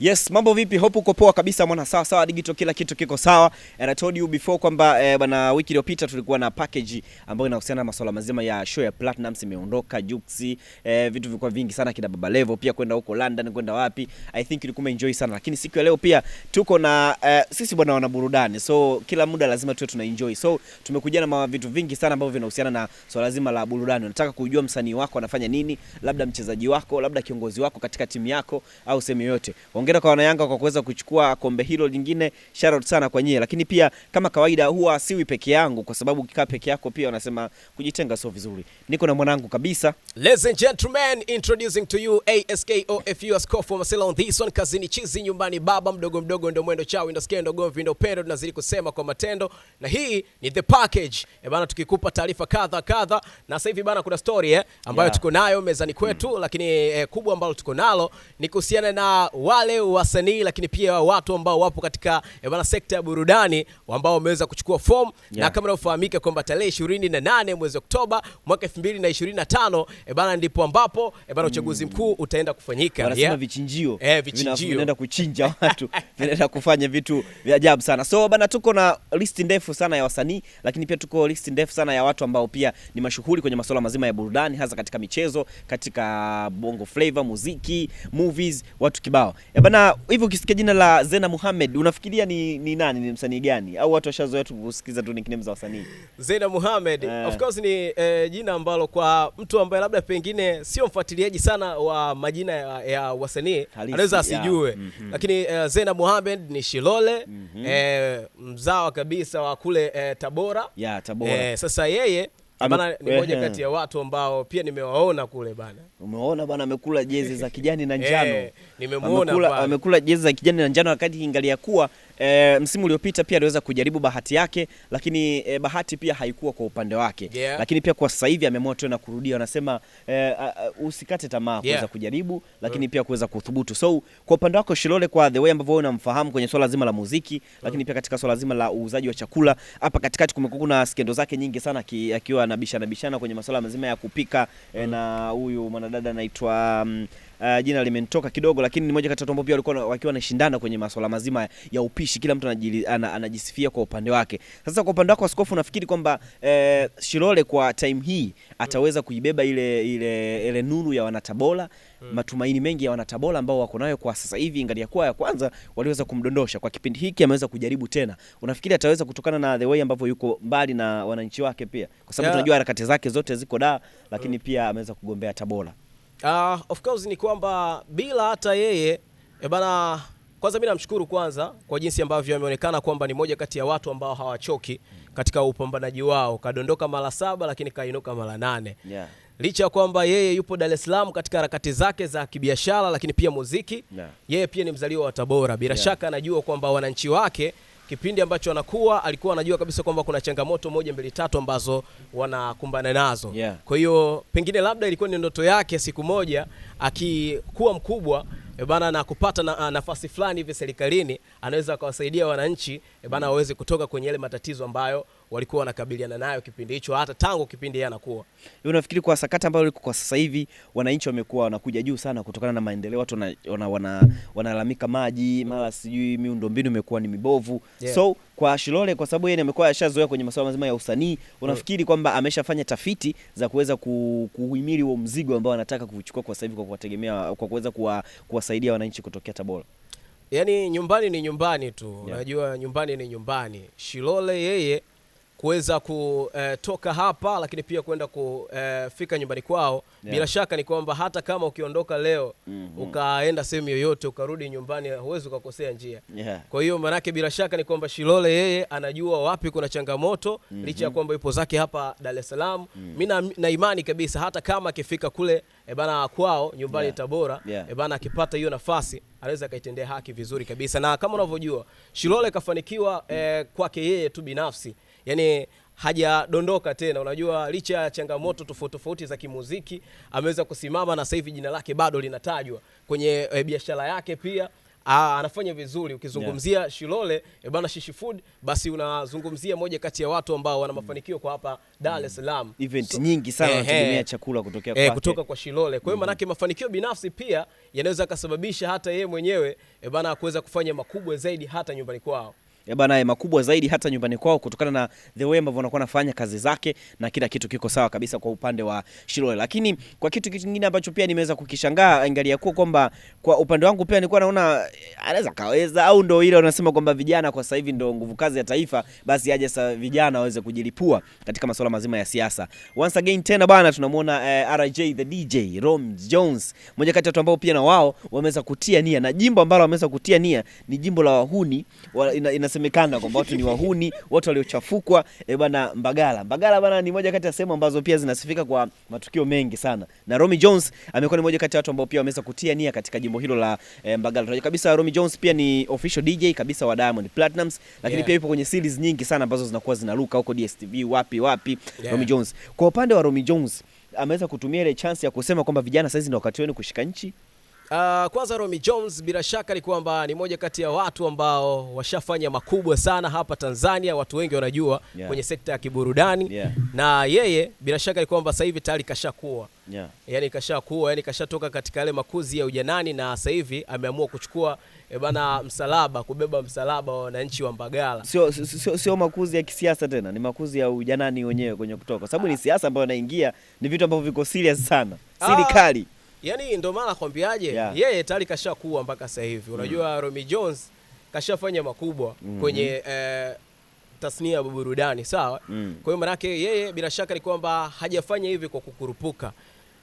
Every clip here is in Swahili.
Yes, mambo vipi? Hope uko poa kabisa mwana, sawa sawa digital, kila kitu kiko sawa. And I told you before kwamba eh, bana wiki iliyopita tulikuwa na package ambayo inahusiana na masuala mazima ya show ya Platinum imeondoka Juksi, eh, vitu vilikuwa vingi sana kina Baba Levo pia kwenda huko London kwenda wapi. I think ilikuwa enjoy sana. Lakini siku ya leo pia tuko na eh, sisi bwana wana burudani. So kila muda lazima tuwe tuna enjoy. So tumekuja na vitu vingi sana ambavyo vinahusiana na swala zima la burudani. Nataka kujua msanii wako anafanya nini, labda mchezaji wako, labda kiongozi wako katika timu yako au sehemu yote. Hongera kwa wanayanga kwa kuweza kuchukua kombe hilo lingine, shout sana kwa nyie. Lakini pia kama kawaida, huwa siwi peke yangu, kwa sababu ukikaa peke yako pia wanasema kujitenga sio vizuri. Niko na mwanangu kabisa. Ladies and gentlemen, introducing to you ASKOFU Askofu Masela on this one, kazini chizi, nyumbani baba, mdogo mdogo ndo mwendo chao, ndo skendo gomvi, ndo pendo, tunazidi kusema kwa matendo, na hii ni the package e bana, tukikupa taarifa kadha kadha, na sasa hivi bana, kuna story eh ambayo yeah, tuko nayo mezani kwetu mm, lakini eh, kubwa ambalo tuko nalo ni kuhusiana na wale wasanii lakini pia watu ambao wapo katika eh, bana sekta ya burudani ambao wameweza kuchukua fomu yeah. Na kama inavyofahamika kwamba tarehe nane mwezi Oktoba mwaka tano eh, bana ndipo ambapo eh, bana uchaguzi mm. mkuu utaenda kufanyika. yeah. Vichinjio. vichinjio. Vinaenda kuchinja watu, vinaenda kufanya vitu vya ajabu sana. So bana tuko na listi ndefu sana ya wasanii lakini pia tuko listi ndefu sana ya watu ambao pia ni mashuhuri kwenye masuala mazima ya burudani hasa katika michezo, katika bongo flavor, muziki, movies, watu kibao. e, Bana, hivi ukisikia jina la Zena Muhammad unafikiria ni, ni nani? Ni msanii gani? Au watu washazoea tu kusikiza tu nickname za wasanii? Zena Muhammad? Uh, eh. of course ni eh, jina ambalo kwa mtu ambaye labda pengine sio mfuatiliaji sana wa majina ya, ya wasanii anaweza asijue mm -hmm. Lakini eh, Zena Muhammad ni Shilole mm -hmm. eh, mzawa kabisa wa kule eh, Tabora, yeah, Tabora. Eh, sasa yeye Bana ni moja kati ya watu ambao pia nimewaona kule bana. Umeona eh, bana amekula jezi za kijani na njano. Nimemuona amekula jezi za kijani na njano wakati ingalia kuwa e, msimu uliopita pia aliweza kujaribu bahati yake, lakini e, bahati pia haikuwa kwa upande wake yeah. Lakini pia kwa sasa hivi ameamua tena kurudia, anasema e, usikate tamaa kuweza yeah. kujaribu lakini mm. pia kuweza kuthubutu. So kwa upande wako Shilole, kwa the way ambavyo wewe unamfahamu kwenye swala zima la muziki mm. lakini pia katika swala zima la uuzaji wa chakula, hapa katikati kumekuwa kuna skendo zake nyingi sana, akiwa bishana kwenye masuala mazima ya kupika e, mm. e, na huyu mwanadada anaitwa mm, uh, jina limenitoka kidogo, lakini ni moja kati ya watu ambao pia walikuwa wakiwa wanashindana kwenye masuala mazima ya upishi, kila mtu anajisifia kwa upande wake. Sasa kwa upande wako Askofu, unafikiri kwamba eh, Shilole kwa time hii ataweza kuibeba ile, ile, ile nuru ya Wanatabola hmm. matumaini mengi ya Wanatabola ambao wako nayo kwa sasa hivi, ingali ya kuwa ya kwanza waliweza kumdondosha, kwa kipindi hiki ameweza kujaribu tena. Unafikiri ataweza kutokana na the way ambavyo yuko mbali na wananchi wake pia, kwa sababu yeah. tunajua harakati zake zote ziko da, lakini hmm. pia ameweza kugombea Tabola. Uh, of course ni kwamba bila hata yeye e bana, kwanza mimi namshukuru kwanza kwa jinsi ambavyo ameonekana kwamba ni moja kati ya watu ambao hawachoki katika upambanaji wao. Kadondoka mara saba lakini kainuka mara nane yeah. Licha ya kwamba yeye yupo Dar es Salaam katika harakati zake za kibiashara, lakini pia muziki yeah. Yeye pia ni mzaliwa wa Tabora bila yeah. shaka anajua kwamba wananchi wake kipindi ambacho anakuwa alikuwa anajua kabisa kwamba kuna changamoto moja mbili tatu ambazo wanakumbana nazo yeah. Kwa hiyo pengine labda ilikuwa ni ndoto yake siku moja akikuwa mkubwa e bana na kupata na, ah, nafasi fulani hivi serikalini anaweza akawasaidia wananchi e bana waweze kutoka kwenye yale matatizo ambayo walikuwa wanakabiliana nayo kipindi hicho, hata tangu kipindi yeye anakuwa. Unafikiri kwa sakata ambayo liko kwa sasa hivi, wananchi wamekuwa wanakuja juu sana kutokana na maendeleo, watu wanalalamika maji, mara sijui miundombinu imekuwa ni mibovu yeah. So kwa Shilole, kwa sababu yeye amekuwa ashazoea kwenye masuala mazima ya usanii, unafikiri mm. kwamba ameshafanya tafiti za kuweza kuhimili huo mzigo ambao anataka kuchukua kwa sasa hivi, kwa kuwategemea, kwa kuweza kuwasaidia wananchi kutokea Tabora? Yaani nyumbani ni nyumbani tu unajua yeah. nyumbani ni nyumbani. Shilole yeye kuweza kutoka eh, hapa lakini pia kwenda kufika eh, nyumbani kwao yeah. Bila shaka ni kwamba hata kama ukiondoka leo mm -hmm. ukaenda sehemu yoyote ukarudi nyumbani huwezi ukakosea njia yeah. Kwa hiyo maanake bila shaka ni kwamba Shilole yeye anajua wapi kuna changamoto mm -hmm. licha ya kwamba yupo zake hapa Dar es Salaam mm -hmm. Mimi na imani kabisa hata kama akifika kule e bana kwao nyumbani yeah. Tabora yeah. e bana akipata hiyo nafasi anaweza akaitendea haki vizuri kabisa, na kama unavyojua Shilole kafanikiwa mm -hmm. eh, kwake yeye tu binafsi yani hajadondoka tena. Unajua, licha ya changamoto tofauti tofauti za kimuziki ameweza kusimama na sasa hivi jina lake bado linatajwa kwenye e, biashara yake pia Aa, ah, anafanya vizuri ukizungumzia yeah. Shilole e eh, bana Shishi Food basi unazungumzia moja kati ya watu ambao wana mafanikio kwa hapa Dar es Salaam. Mm. Event so, nyingi sana wanategemea chakula kutokea eh, kwake. Kutoka kwa Shilole. Kwa hiyo mm. maanake mm -hmm. mafanikio binafsi pia yanaweza kasababisha hata yeye mwenyewe e bana kuweza kufanya makubwa zaidi hata nyumbani kwao ya bana makubwa zaidi hata nyumbani kwao kutokana na the way ambavyo wanakuwa wanafanya kazi zake na kila kitu kiko sawa kabisa kwa upande wa Shilole. Lakini kwa kitu kingine ambacho pia nimeweza kukishangaa angalia kuwa kwamba kwa upande wangu pia nilikuwa naona eh, anaweza kaweza au ndio ile wanasema kwamba vijana kwa sasa hivi ndio nguvu kazi ya taifa, basi aje sasa vijana waweze kujilipua katika masuala mazima ya siasa. Once again tena bana tunamuona eh, RJ the DJ Rom Jones, mmoja kati ya watu ambao pia na wao wameweza kutia nia na jimbo ambalo wameweza kutia nia ni jimbo la wahuni wa, ina, ina inasemekana kwamba watu ni wahuni, watu waliochafukwa. E bana, Mbagala Mbagala bana ni moja kati ya sehemu ambazo pia zinasifika kwa matukio mengi sana, na Romy Jones amekuwa ni moja kati ya watu ambao pia wameweza kutia nia katika jimbo hilo la e, Mbagala. Tunajua kabisa Romy Jones pia ni official DJ kabisa wa Diamond Platnumz, lakini yeah. pia yupo kwenye series nyingi sana ambazo zinakuwa zinaruka huko DSTV wapi wapi, yeah. Romy Jones. Kwa upande wa Romy Jones ameweza kutumia ile chance ya kusema kwamba vijana sasa ndio wakati wenu kushika nchi Uh, kwanza Romy Jones bila shaka ni kwamba ni moja kati ya watu ambao washafanya makubwa sana hapa Tanzania, watu wengi wanajua yeah. kwenye sekta ya kiburudani yeah. na yeye bila shaka ni kwamba sasa hivi tayari kashakuwa yeah. yani kashakuwa yani kashatoka katika yale makuzi ya ujanani na sasa hivi ameamua kuchukua e bana msalaba kubeba msalaba wa wananchi wa Mbagala. Sio, sio, sio makuzi ya kisiasa tena, ni makuzi ya ujanani wenyewe kwenye kutoka, sababu ni ah. siasa ambayo inaingia, ni vitu ambavyo viko serious sana, ah. serikali yani ndio maana nakwambiaje, yeah. Yeye tayari kashakuwa mpaka sasa hivi, mm. unajua mm. Romy Jones kashafanya makubwa mm -hmm. kwenye eh, tasnia ya burudani sawa. mm. Kwa hiyo manake yeye bila shaka ni kwamba hajafanya hivi kwa kukurupuka,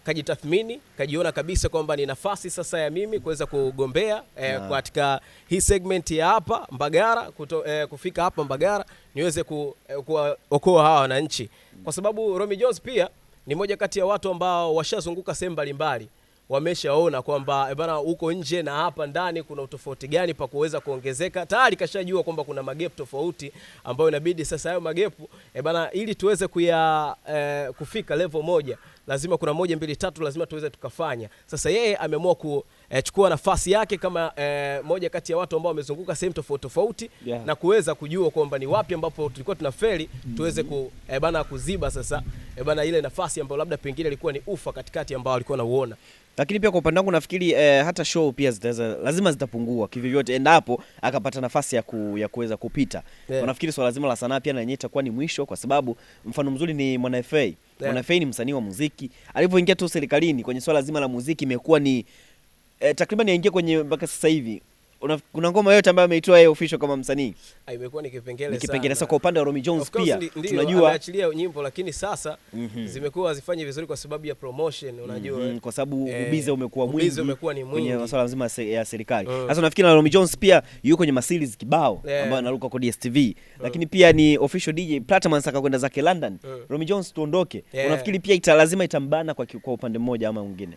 kajitathmini, kajiona kabisa kwamba ni nafasi sasa ya mimi kuweza kugombea eh, yeah. katika hii segment ya hapa Mbagara kuto, eh, kufika hapa Mbagara niweze kuokoa eh, hawa wananchi, kwa sababu Romy Jones pia ni moja kati ya watu ambao washazunguka sehemu mbalimbali wameshaona kwamba eh, bana huko nje na hapa ndani kuna utofauti gani pa kuweza kuongezeka. Tayari kashajua kwamba kuna magepu tofauti ambayo inabidi sasa hayo magepu eh, bana, ili tuweze kuya eh, kufika level moja, lazima kuna moja mbili tatu, lazima tuweze tukafanya. Sasa yeye ameamua kuchukua eh, nafasi yake kama e, moja kati ya watu ambao wamezunguka sehemu tofauti tofauti yeah, na kuweza kujua kwamba ni wapi ambapo tulikuwa tuna feli tuweze ku, e, bana kuziba sasa e, bana ile nafasi ambayo labda pengine ilikuwa ni ufa katikati ambao alikuwa nauona. Lakini pia kwa upande wangu nafikiri eh, hata show pia zitaweza lazima zitapungua kivyovyote, endapo akapata nafasi ya, ku, ya kuweza kupita yeah. Nafikiri swala zima la sanaa pia na itakuwa ni mwisho, kwa sababu mfano mzuri ni Mwana FA yeah. Mwana FA ni msanii wa muziki, alivyoingia tu serikalini kwenye swala zima la muziki imekuwa ni eh, takriban yaingia kwenye mpaka sasa hivi kuna ngoma yote ambayo ameitoa yeye official kama msanii ah, imekuwa ni kipengele sana. kipengele sasa kwa upande wa Romy Jones pia tunajua ameachilia nyimbo lakini sasa mm -hmm. zimekuwa hazifanyi vizuri kwa sababu ya promotion unajua mm -hmm. kwa sababu eh, ubize umekuwa mwingi. Ubize umekuwa ni mwingi. Kwenye masuala mzima ya serikali. Mm. Sasa mm. nafikiri na Romy Jones pia yuko kwenye series kibao yeah. ambayo anaruka kwa DSTV mm. lakini pia ni official DJ Platinum saka kwenda zake London. Mm. Romy Jones tuondoke. Yeah. Unafikiri pia ita lazima itambana kwa kwa upande mmoja ama mwingine?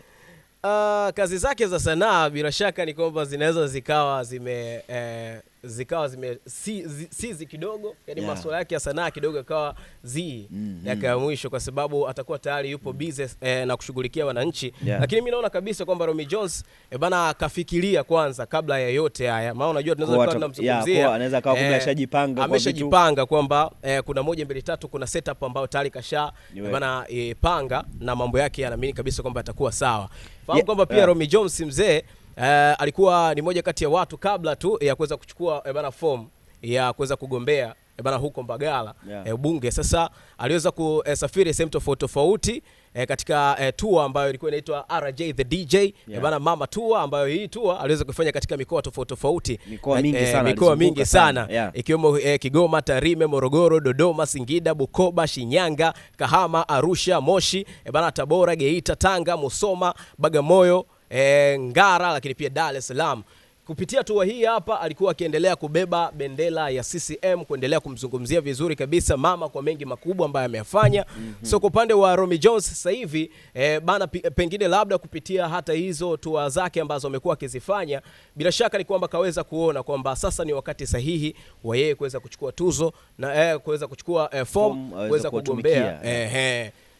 Ah, kazi zake za sanaa bila shaka ni kwamba zinaweza zikawa zime eh, zikawa zime si, zi, si zi kidogo yani yeah. Masuala yake ya sanaa kidogo yakawa zi mm -hmm. yake ya mwisho kwa sababu atakuwa tayari yupo busy eh, na kushughulikia wananchi yeah. Lakini mimi naona kabisa kwamba romi Jones eh, bana akafikiria kwanza kabla ya yote haya, maana unajua tunaweza kuwa tunamzungumzia, anaweza kawa kumbe eh, ashajipanga, ameshajipanga kwamba eh, kuna moja mbili tatu, kuna setup ambayo tayari kasha eh, bana eh, panga na mambo yake, yanaamini kabisa kwamba atakuwa sawa. Fahamu yeah. kwamba pia yeah. romi Jones mzee uh, alikuwa ni moja kati ya watu kabla tu ya kuweza kuchukua eh, bana fomu ya kuweza kugombea eh, bana huko Mbagala yeah. E, bunge sasa aliweza kusafiri sehemu tofauti tofauti e, katika e, tour ambayo ilikuwa inaitwa RJ the DJ yeah. E, bana mama tour ambayo hii tour aliweza kufanya katika mikoa tofauti tofauti mikoa mingi sana, e, mikoa mingi sana ikiwemo yeah. E, Kigoma, Tarime, Morogoro, Dodoma, Singida, Bukoba, Shinyanga, Kahama, Arusha, Moshi, e, bana Tabora, Geita, Tanga, Musoma, Bagamoyo e, Ngara lakini pia Dar es Salaam. Kupitia tua hii hapa alikuwa akiendelea kubeba bendera ya CCM kuendelea kumzungumzia vizuri kabisa mama kwa mengi makubwa ambayo ameyafanya. mm -hmm. So kwa upande wa Romy Jones sasa hivi e, bana pengine labda kupitia hata hizo tua zake ambazo amekuwa akizifanya, bila shaka ni kwamba kaweza kuona kwamba sasa ni wakati sahihi wa yeye kuweza kuchukua tuzo na e, kuweza kuchukua e, form kuweza kugombea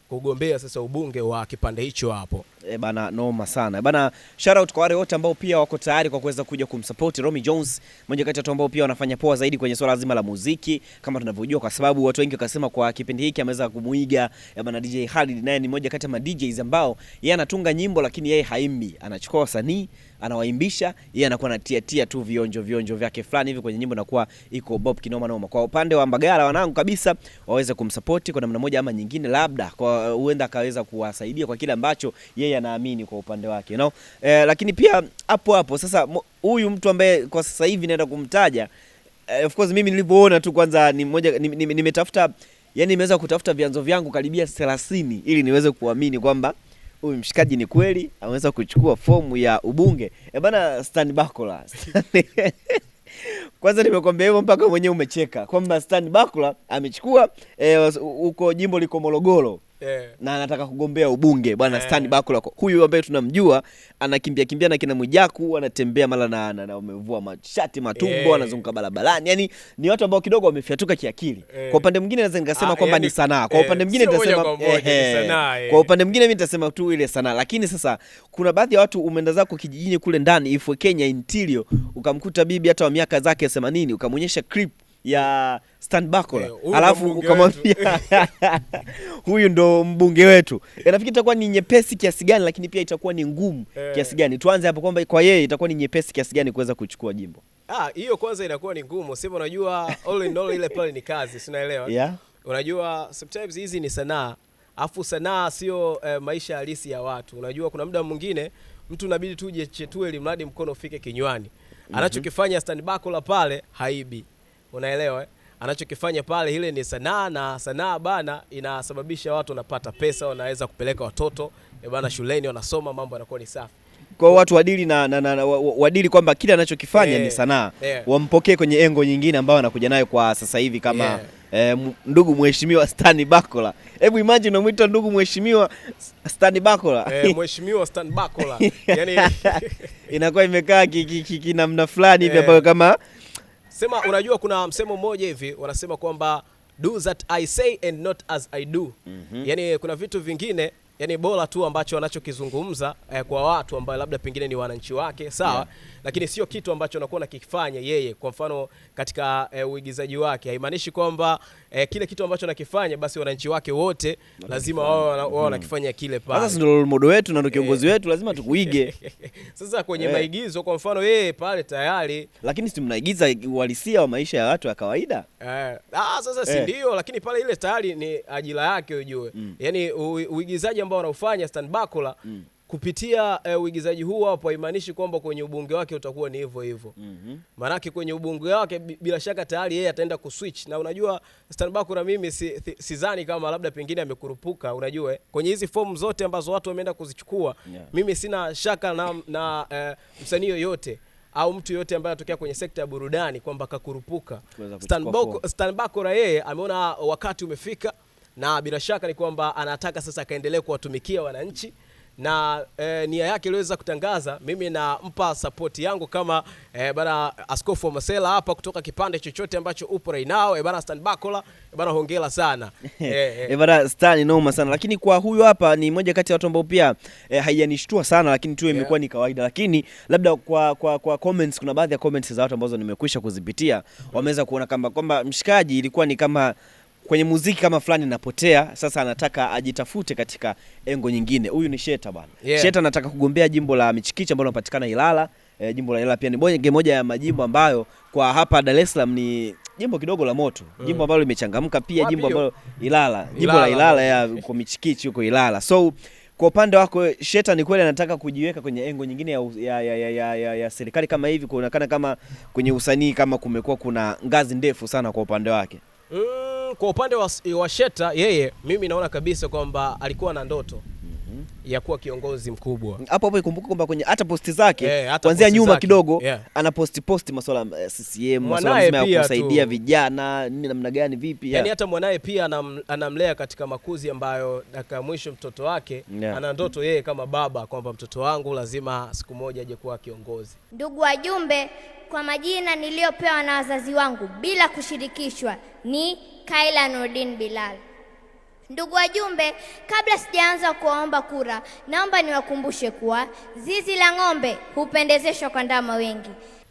kugombea sasa ubunge wa kipande hicho hapo. E bana, noma sana. E bana, shout out kwa wale wote ambao pia wako tayari kwa kuweza kuja kumsupport Romy Jones, mmoja kati ya watu ambao pia wanafanya poa zaidi kwenye swala zima la muziki kama tunavyojua, kwa sababu watu wengi wakasema kwa kipindi hiki ameweza kumuiga. E bana, DJ Khalid naye ni mmoja kati ya DJs ambao yeye anatunga nyimbo lakini yeye haimbi, anachukua wasanii anawaimbisha yeye, anakuwa anatia tia tu vionjo vionjo vyake fulani hivi kwenye nyimbo, na kuwa iko bob kinoma noma. Kwa upande wa Mbagala wanangu kabisa, waweze kumsupport kwa namna moja ama nyingine, labda kwa huenda akaweza kuwasaidia kwa kile ambacho yeye anaamini kwa upande wake you know? Eh, lakini pia hapo hapo sasa huyu mtu ambaye kwa sasa hivi naenda kumtaja eh, of course mimi nilivyoona tu kwanza ni moja nimetafuta ni, ni yani nimeweza kutafuta vyanzo vyangu karibia 30 ili niweze kuamini kwamba huyu mshikaji ni kweli ameweza kuchukua fomu ya ubunge. E bana, Stan Bakula kwanza nimekwambia hivyo mpaka mwenyewe umecheka kwamba Stan Bakula amechukua eh, huko e, jimbo liko Morogoro yeah. na anataka kugombea ubunge bwana yeah. Stan Bakula huyu ambaye tunamjua anakimbia kimbia na kina Mwijaku, anatembea mala na na umevua mashati matumbo yeah. anazunguka barabarani, yani ni watu ambao kidogo wamefyatuka kiakili yeah. Kwa upande mwingine naweza nikasema ah, kwamba yeah, ni sanaa kwa eh, upande mwingine nitasema eh. kwa upande mwingine mimi nitasema tu ile sanaa, lakini sasa kuna baadhi ya watu umeenda zako kijijini kule ndani Ifwe Kenya interior, ukamkuta bibi hata wa miaka zake 80 ukamwonyesha clip ya Stan Bakola eh, hey, alafu ukamwambia huyu ndo mbunge wetu. Eh, nafikiri itakuwa ni nyepesi kiasi gani, lakini pia itakuwa ni ngumu hey, eh. kiasi gani. Tuanze hapo kwamba kwa yeye itakuwa ni nyepesi kiasi gani kuweza kuchukua jimbo ah, hiyo. Ah, kwanza inakuwa ni ngumu, sivyo? Unajua all in all ile pale ni kazi, si unaelewa? yeah. Unajua sometimes hizi ni sanaa, afu sanaa sio eh, maisha halisi ya watu. Unajua kuna muda mwingine mtu inabidi tuje chetue, ili mradi mkono ufike kinywani. Mhm. Anachokifanya Stan Bakola pale haibi unaelewa eh? Anachokifanya pale ile ni sanaa, na sanaa bana inasababisha watu wanapata pesa, wanaweza kupeleka watoto e bana shuleni, wanasoma, mambo yanakuwa ni safi kwa watu wadili na, na, na na, wadili kwamba kile anachokifanya yeah, ni eh, sanaa yeah. Wampokee kwenye engo nyingine ambayo anakuja nayo kwa sasa hivi kama yeah. Eh, ndugu mheshimiwa Stan Bakola, hebu imagine unamwita ndugu mheshimiwa Stan Bakola eh, mheshimiwa Stan Bakola yani... inakuwa imekaa kinamna fulani hivi eh. ambayo kama Sema unajua kuna msemo mmoja hivi wanasema kwamba do that I say and not as I do. Mm -hmm. Yaani kuna vitu vingine yani bora tu ambacho anachokizungumza eh, kwa watu ambao labda pengine ni wananchi wake sawa, yeah. Lakini sio kitu ambacho anakuwa nakifanya yeye, kwa mfano katika eh, uigizaji wake, haimaanishi kwamba eh, kile kitu ambacho anakifanya basi wananchi wake wote na lazima wao wao hmm. wanakifanya kile pale. Sasa ndio role model wetu na ndio kiongozi eh. wetu, lazima tukuige. Sasa kwenye yeah. maigizo kwa mfano yeye pale tayari, lakini si mnaigiza uhalisia wa maisha ya watu ya kawaida eh. Ah, sasa si eh. ndio Lakini pale ile tayari ni ajira yake ujue mm. Yani uigizaji ambao wanaofanya Stan Bakula mm. kupitia e, uigizaji huu hapo haimaanishi kwamba kwenye ubunge wake utakuwa ni hivyo hivyo mm -hmm. kwenye ubunge wake bila shaka tayari yeye ataenda kuswitch, na unajua Stan Bakula mimi si, sidhani kama labda pengine amekurupuka. Unajua eh. kwenye hizi fomu zote ambazo watu wameenda kuzichukua yeah. mimi sina shaka na, na e, msanii yoyote au mtu yoyote ambaye anatokea kwenye sekta ya burudani kwamba kakurupuka. Stan Bakula yeye ameona wakati umefika na bila shaka ni kwamba anataka sasa akaendelee kuwatumikia wananchi na e, nia yake iliweza kutangaza. Mimi nampa support yangu kama e, eh, bana Askofu wa Masela hapa kutoka kipande chochote ambacho upo right now e, eh, bana Stan Bakola e, bana hongera sana e, e. E, bana Stan noma sana lakini, kwa huyu hapa ni moja kati ya watu ambao pia e, haijanishtua sana lakini tu imekuwa yeah, ni kawaida, lakini labda kwa, kwa, kwa comments, kuna baadhi ya comments za watu ambazo nimekwisha kuzipitia mm-hmm. wameweza kuona kama kwamba mshikaji ilikuwa ni kama kwenye muziki kama fulani napotea, sasa anataka ajitafute katika engo nyingine. Huyu ni Sheta bwana, yeah. Sheta anataka kugombea jimbo la Michikichi ambalo linapatikana Ilala. E, jimbo la Ilala pia ni moja ya majimbo ambayo kwa hapa Dar es Salaam ni jimbo kidogo la moto, mm. jimbo ambalo limechangamka pia, jimbo ambalo Ilala, jimbo la Ilala ya kwa Michikichi huko Ilala. So kwa upande wako Sheta ni kweli anataka kujiweka kwenye engo nyingine ya, ya, ya, ya, ya, ya, ya serikali kama hivi, kuonekana kama kwenye usanii kama kumekuwa kuna ngazi ndefu sana kwa upande wake mm kwa upande wa, wa Sheta yeye mimi naona kabisa kwamba alikuwa na ndoto ya kuwa kiongozi mkubwa. Hapo hapo ikumbuka kwamba kwenye hata posti zake yeah, kuanzia nyuma zake, kidogo yeah, ana posti posti masuala ya eh, CCM, masuala ya kusaidia tu, vijana nini namna gani vipi, yaani hata mwanaye pia anam, anamlea katika makuzi ambayo dakika mwisho mtoto wake yeah, ana ndoto yeye kama baba kwamba mtoto wangu lazima siku moja aje kuwa kiongozi. Ndugu wajumbe, kwa majina niliyopewa na wazazi wangu bila kushirikishwa ni Kaila Nordin Bilal. Ndugu wajumbe, kabla sijaanza kuwaomba kura, naomba niwakumbushe kuwa zizi la ng'ombe hupendezeshwa kwa ndama wengi.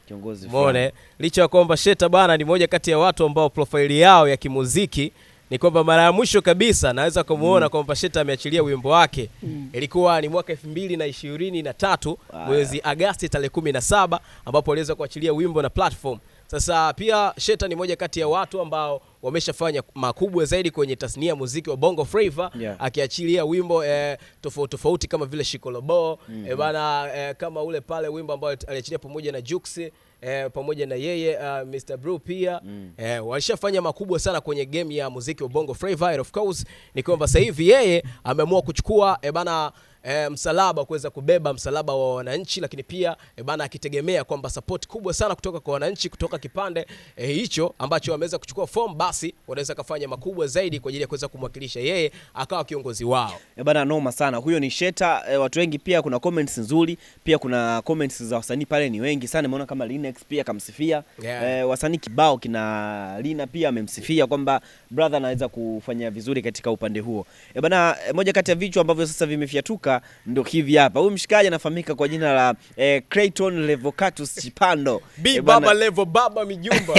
Kiongozi Mbone, licha ya kwamba Sheta bana ni moja kati ya watu ambao profaili yao ya kimuziki ni kwamba mara ya mwisho kabisa naweza kumuona mm. kwamba Sheta ameachilia wimbo wake mm. ilikuwa ni mwaka elfu mbili na ishirini na tatu mwezi Agasti tarehe kumi na saba ambapo aliweza kuachilia wimbo na platform. Sasa pia Sheta ni moja kati ya watu ambao wameshafanya makubwa zaidi kwenye tasnia ya muziki wa Bongo Flava yeah. Akiachilia wimbo eh, tofauti tofauti kama vile Shikolobo mm -hmm. eh, bana eh, kama ule pale wimbo ambao aliachilia pamoja na Jux eh, pamoja na yeye uh, ah, Mr Bru pia mm. eh, walishafanya makubwa sana kwenye game ya muziki wa Bongo Flava. Of course ni kwamba sasa hivi yeye ameamua kuchukua eh, bana e, msalaba kuweza kubeba msalaba wa wananchi, lakini pia e, eh, bana akitegemea kwamba support kubwa sana kutoka kwa wananchi kutoka kipande eh, hicho e, ambacho wameweza kuchukua form, basi wanaweza kufanya makubwa zaidi kwa ajili ya kuweza kumwakilisha yeye akawa kiongozi wao. E, bana noma sana huyo ni Sheta. E, watu wengi pia kuna comments nzuri, pia kuna comments za wasanii pale ni wengi sana. Nimeona kama Linex pia kamsifia yeah. E, wasanii kibao kina Lina pia amemsifia kwamba brother anaweza kufanya vizuri katika upande huo. E, bana moja kati ya vichwa ambavyo sasa vimefyatuka kutoka ndo hivi hapa. Huyu mshikaji anafahamika kwa jina la eh, Clayton Levocatus Chipando Bi eh, Baba Levo Baba Mijumba.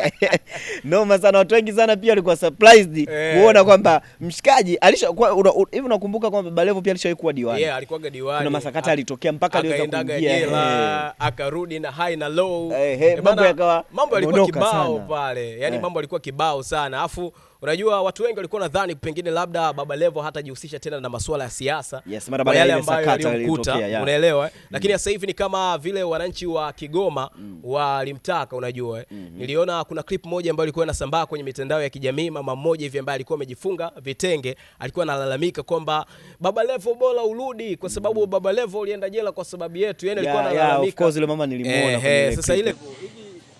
Noma sana, watu wengi sana pia walikuwa surprised eh. kuona eh, kwamba mshikaji alisha kwa, una, hivi. Unakumbuka kwamba Baba Levo pia alishawahi kuwa diwani. Yeah, alikuwa ga diwani. Kuna masakata alitokea mpaka aliweza kuingia jela, eh. akarudi na high na low. Eh, Mambo yakawa mambo yalikuwa kibao pale. Yaani mambo yalikuwa kibao sana. Afu Unajua watu wengi walikuwa nadhani pengine labda Baba Levo hatajihusisha tena na masuala ya siasa yes, kwa yale ambayo yalimkuta yeah. Unaelewa mm. Lakini sasa hivi ni kama vile wananchi wa Kigoma mm. walimtaka unajua mm -hmm. Niliona kuna clip moja ambayo ilikuwa inasambaa kwenye mitandao ya kijamii, mama mmoja hivi ambaye alikuwa amejifunga vitenge alikuwa analalamika kwamba Baba Levo bora urudi, kwa sababu mm-hmm. Baba Levo ulienda jela kwa sababu yetu, yani alikuwa analalamika. Of course ile mama nilimuona. kwenye. Sasa ile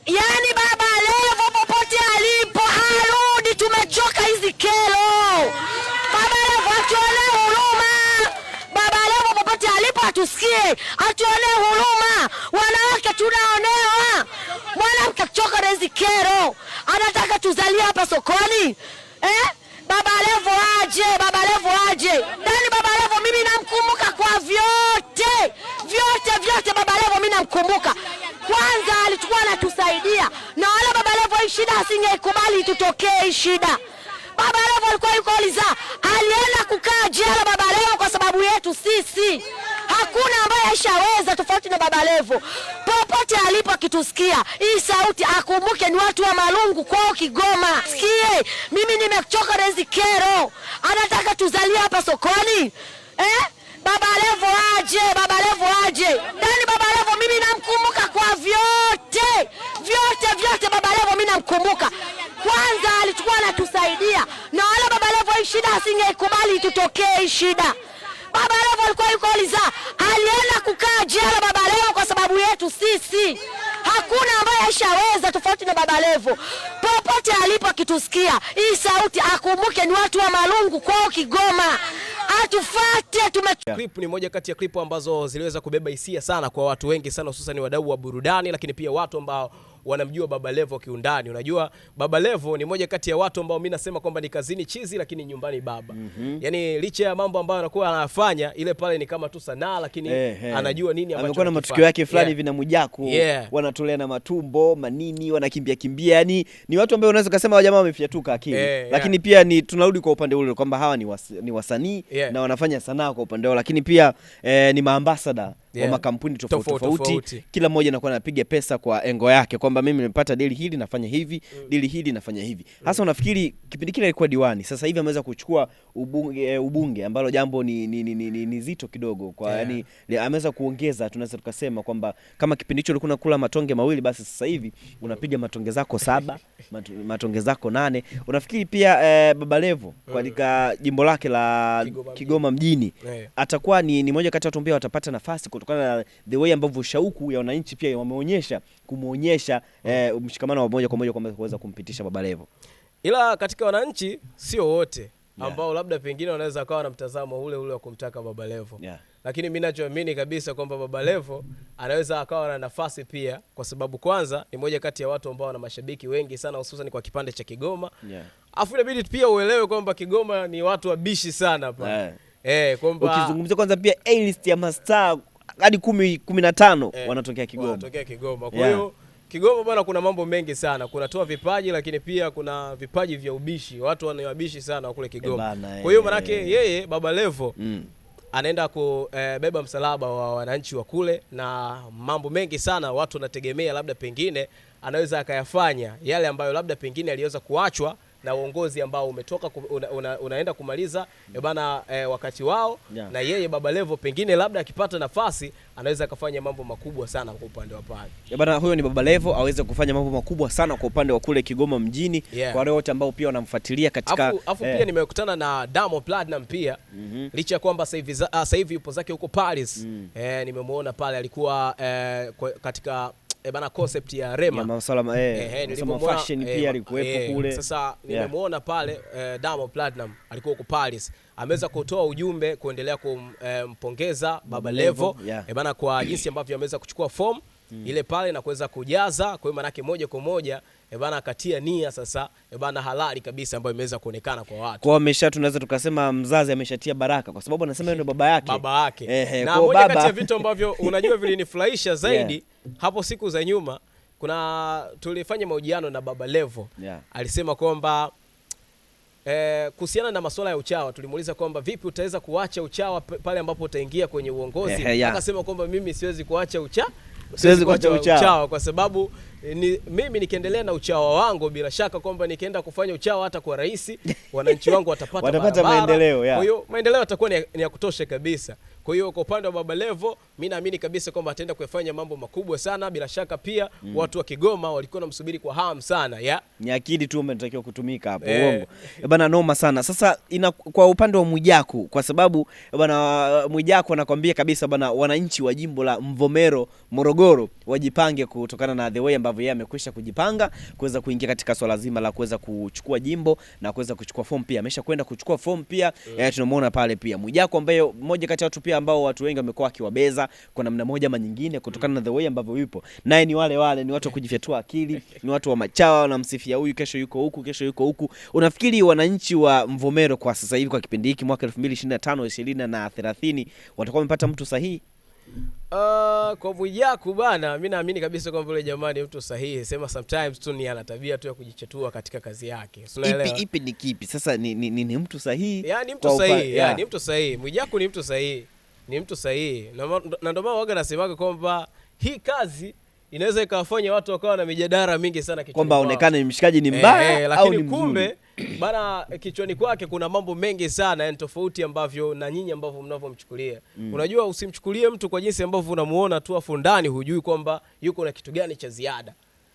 yani tumechoka hizi kero. Baba Levo atuone huruma. Baba Levo popote alipo atusikie, atuone huruma. Wanawake tunaonewa, mwanamke achoka na hizi kero, anataka tuzalie hapa sokoni eh? Baba Levo aje, Baba Levo aje. ndani, baba mimi namkumbuka kwa vyote vyote vyote. Baba Levo mimi namkumbuka, kwanza alikuwa anatusaidia, na wala Baba Levo hii shida asingeikubali itutokee hii shida. Baba Levo alikuwa yuko liza, alienda kukaa jela Baba Levo kwa sababu yetu sisi. Hakuna ambaye aishaweza tofauti na Baba Levo. Popote alipo akitusikia hii sauti, akumbuke ni watu wa Malungu kwa Kigoma. Sikie mimi nimechoka na hizi kero, anataka tuzalie hapa sokoni eh? Baba Levo aje, Baba Levo aje. Nani Baba Levo mimi namkumbuka kwa vyote vyote vyote, Baba Levo mimi namkumbuka. Kwanza alikuwa anatusaidia, na wala Baba Levo hii shida asingeikubali itutokee hii shida. Baba Levo alikuwa yuko liza, alienda kukaa jela Baba Levo sababu yetu sisi, hakuna ambaye aishaweza tofauti na Baba Levo. Popote alipo akitusikia hii sauti akumbuke ni watu wa Malungu kwao Kigoma, atufate tume... Clip ni moja kati ya clip ambazo ziliweza kubeba hisia sana kwa watu wengi sana, hususan wadau wa burudani, lakini pia watu ambao wanamjua Baba Levo kiundani. Unajua Baba Levo ni moja kati ya watu ambao mimi nasema kwamba ni kazini chizi, lakini nyumbani baba. mm -hmm. Yani licha ya mambo ambayo anakuwa anafanya ile pale ni kama tu sanaa, lakini hey, hey. anajua nini ambacho amekuwa na matukio yake fulani hivi na Mwijaku yeah. wanatolea na matumbo manini, wanakimbia kimbia, yani ni watu ambao unaweza kusema wajamaa wamefyatuka akili hey, eh, lakini yeah. pia ni tunarudi kwa upande ule kwamba hawa ni, was, ni wasanii yeah. na wanafanya sanaa kwa upande wao, lakini pia eh, ni maambasada yeah. wa makampuni tofauti tofauti, kila mmoja anakuwa anapiga pesa kwa engo yake, kwamba mimi nimepata deal hili nafanya hivi mm. deal hili nafanya hivi mm. hasa mm. unafikiri kipindi kile alikuwa diwani, sasa hivi ameweza kuchukua ubunge, eh, ubunge ambalo jambo ni, ni, ni, ni, ni ni zito kidogo kwa yeah. yani, ameweza kuongeza, tunaweza tukasema kwamba kama kipindi hicho ulikuwa unakula matonge mawili, basi sasa hivi unapiga matonge zako saba matonge zako nane. Unafikiri pia eh, Baba Levo mm. katika jimbo lake la Kigoma mjini, Kigoma mjini. Yeah. atakuwa ni, ni moja kati ya watu ambao watapata nafasi kutokana na the way ambavyo shauku ya wananchi pia wameonyesha kumwonyesha eh, mshikamano wa moja kwa moja kwamba kuweza kumpitisha Baba Levo, ila katika wananchi sio wote Yeah. ambao labda pengine wanaweza kawa na mtazamo ule ule wa kumtaka Baba Levo yeah. Lakini mimi nachoamini kabisa kwamba Baba Levo anaweza akawa na nafasi pia, kwa sababu kwanza ni moja kati ya watu ambao wana mashabiki wengi sana, hususan kwa kipande cha Kigoma yeah. Afu inabidi pia uelewe kwamba Kigoma ni watu wabishi sana hapa. yeah. Eh, kwamba ukizungumzia kwanza pia A-list ya mastaa hadi kumi, kumi na tano eh, wanatokea Kigoma, wanatokea Kigoma. Kwa hiyo yeah. Kigoma bwana, kuna mambo mengi sana, kunatoa vipaji lakini pia kuna vipaji vya ubishi, watu wanawabishi sana kule Kigoma. Eh, Kwa hiyo eh. manake yeye Baba Levo mm anaenda kubeba eh, e, msalaba wa wananchi wa kule, na mambo mengi sana watu wanategemea labda pengine anaweza akayafanya yale ambayo labda pengine aliweza kuachwa na uongozi ambao umetoka una, una, unaenda kumaliza mm. bana e, wakati wao yeah. na yeye Baba Levo pengine labda akipata nafasi anaweza akafanya mambo makubwa sana kwa upande wa pale eh, bana. Huyo ni Baba Levo aweze kufanya mambo makubwa sana kwa upande wa kule Kigoma mjini yeah. kwa wale wote ambao pia wanamfuatilia katika afu, afu eh. pia nimekutana na Damo Platinum pia mm -hmm. licha ya kwamba ah, sasa hivi yupo zake huko Paris mm. eh, nimemwona pale alikuwa eh, katika e bana concept ya Rema ya masuala eh, nilimwona fashion eh, pia alikuwepo eh, kule. Sasa nimemwona pale eh, Damo Platinum alikuwa huko Paris ameweza kutoa ujumbe kuendelea kumpongeza Baba Levo yeah. e bana kwa jinsi ambavyo ameweza kuchukua form mm. ile pale na kuweza kujaza kwa hiyo maanake moja kwa moja Eh, bana akatia nia sasa eh, bana halali kabisa ambayo imeweza kuonekana kwa watu Kwa amesha tunaweza tukasema mzazi ameshatia baraka, kwa sababu anasema yeye ndo baba yake, baba yake. Ehe, na moja baba... kati ya vitu ambavyo unajua vilinifurahisha zaidi yeah. hapo siku za nyuma kuna tulifanya mahojiano na Baba Levo yeah. alisema kwamba Eh, kuhusiana na masuala ya uchawa tulimuuliza kwamba vipi utaweza kuacha uchawa pale ambapo utaingia kwenye uongozi. Akasema kwamba mimi siwezi kuacha uchawa siwezi kuacha uchawa. uchawa kwa sababu eh, ni, mimi nikiendelea na uchawa wangu bila shaka kwamba nikienda kufanya uchawa hata kwa rais wananchi wangu watapata, watapata maendeleo. Kwa hiyo maendeleo yatakuwa ni ya kutosha kabisa. Kwa hiyo kwa upande wa Baba Levo, mimi naamini kabisa kwamba ataenda kuyafanya mambo makubwa sana. Bila shaka pia mm. watu wa Kigoma walikuwa wanamsubiri kwa hamu sana ya ni akili tu umetakiwa kutumika hapo eh. Uongo eh, bana, noma sana sasa. Ina, kwa upande wa Mwijaku kwa sababu bana, Mwijaku anakwambia kabisa bana, wananchi wa jimbo la Mvomero Morogoro wajipange kutokana na the way ambavyo yeye amekwisha kujipanga kuweza kuingia katika swala zima la kuweza kuchukua jimbo na kuweza kuchukua fomu pia ameshakwenda kuchukua fomu pia mm. eh, tunamuona pale pia Mwijaku ambaye mmoja kati ya watu pia mmoja ambao watu wengi wamekuwa wakiwabeza kwa namna moja ama nyingine, kutokana mm. na the way ambavyo yupo naye. Ni wale wale, ni watu wa kujifyatua akili, ni watu wa machawa, wanamsifia huyu, kesho yuko huku, kesho yuko huku. Unafikiri wananchi wa Mvomero kwa sasa hivi, kwa kipindi hiki mwaka 2025 20 na 30 watakuwa wamepata mtu sahihi? Uh, kwa Mwijaku bana, mi naamini kabisa kwamba yule jamani mtu sahihi, sema sometimes tu ni ana tabia tu ya kujichetua katika kazi yake. Ipi, ipi ni kipi sasa? Ni, ni, ni, ni mtu sahihi, yani mtu sahihi, yani mtu sahihi. Mwijaku ni mtu sahihi ni mtu sahihi, na ndio maana waga nasemaga kwamba hii kazi inaweza ikawafanya watu wakawa na mijadala mingi sana kichwani, kwamba aonekane mshikaji ni eh, mbaya eh, au ni kumbe bana kichwani kwake kuna mambo mengi sana yani tofauti ambavyo na nyinyi ambavyo mnavyomchukulia. Mm. Unajua, usimchukulie mtu kwa jinsi ambavyo unamuona tu afu ndani hujui kwamba yuko na kitu gani cha ziada.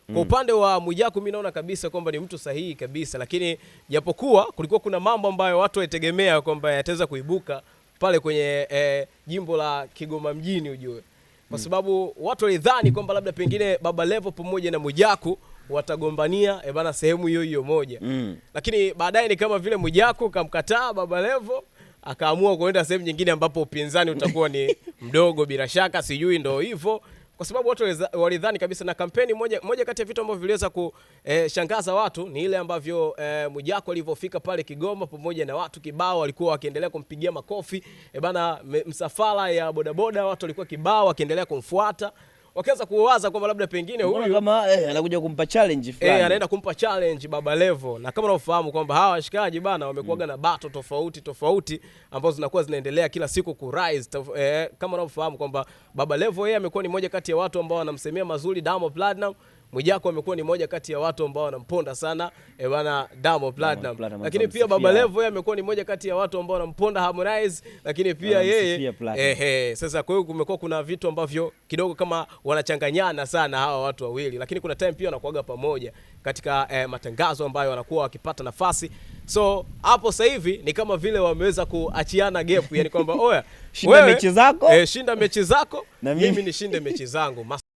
Mm. Kwa upande wa Mwijaku mimi naona kabisa kwamba ni mtu sahihi kabisa, lakini japokuwa kulikuwa kuna mambo ambayo watu waitegemea kwamba yataweza kuibuka pale kwenye eh, jimbo la Kigoma mjini ujue, kwa mm. sababu watu walidhani kwamba labda pengine Baba Levo pamoja na Mwijaku watagombania e eh, bana sehemu hiyo hiyo moja mm. Lakini baadaye ni kama vile Mwijaku kamkataa Baba Levo akaamua kuenda sehemu nyingine ambapo upinzani utakuwa ni mdogo, bila shaka, sijui ndo hivyo kwa sababu watu walidhani kabisa. Na kampeni moja, moja kati ya vitu ambavyo viliweza kushangaza eh, watu ni ile ambavyo e, eh, Mwijako alivyofika pale Kigoma pamoja na watu kibao walikuwa wakiendelea kumpigia makofi e bana, msafara ya bodaboda watu walikuwa kibao wakiendelea kumfuata wakaanza kuwaza kwamba labda pengine huyu kama eh, anakuja kumpa challenge eh, fulani eh, anaenda kumpa challenge Baba Levo, na kama unavyofahamu kwamba hawa washikaji bana wamekuwaga mm. na bato tofauti tofauti ambazo zinakuwa zinaendelea kila siku ku rise eh, kama unavyofahamu kwamba Baba Levo yeye amekuwa ni moja kati ya watu ambao wanamsemea mazuri Diamond Platnumz Mwijako amekuwa ni moja kati ya watu ambao wanamponda sana e eh, bana Diamond Platnumz, lakini pia Baba Levo amekuwa ni moja kati ya watu ambao wanamponda Harmonize, lakini pia yeye ehe. Sasa kwa hiyo kumekuwa kuna vitu ambavyo kidogo kama wanachanganyana sana hawa watu wawili, lakini kuna time pia wanakuaga pamoja katika eh, matangazo ambayo wanakuwa wakipata nafasi so hapo sasa hivi ni kama vile wameweza kuachiana gap, yani kwamba oya, shinda mechi zako, eh, shinda mechi zako na mimi nishinde mechi zangu.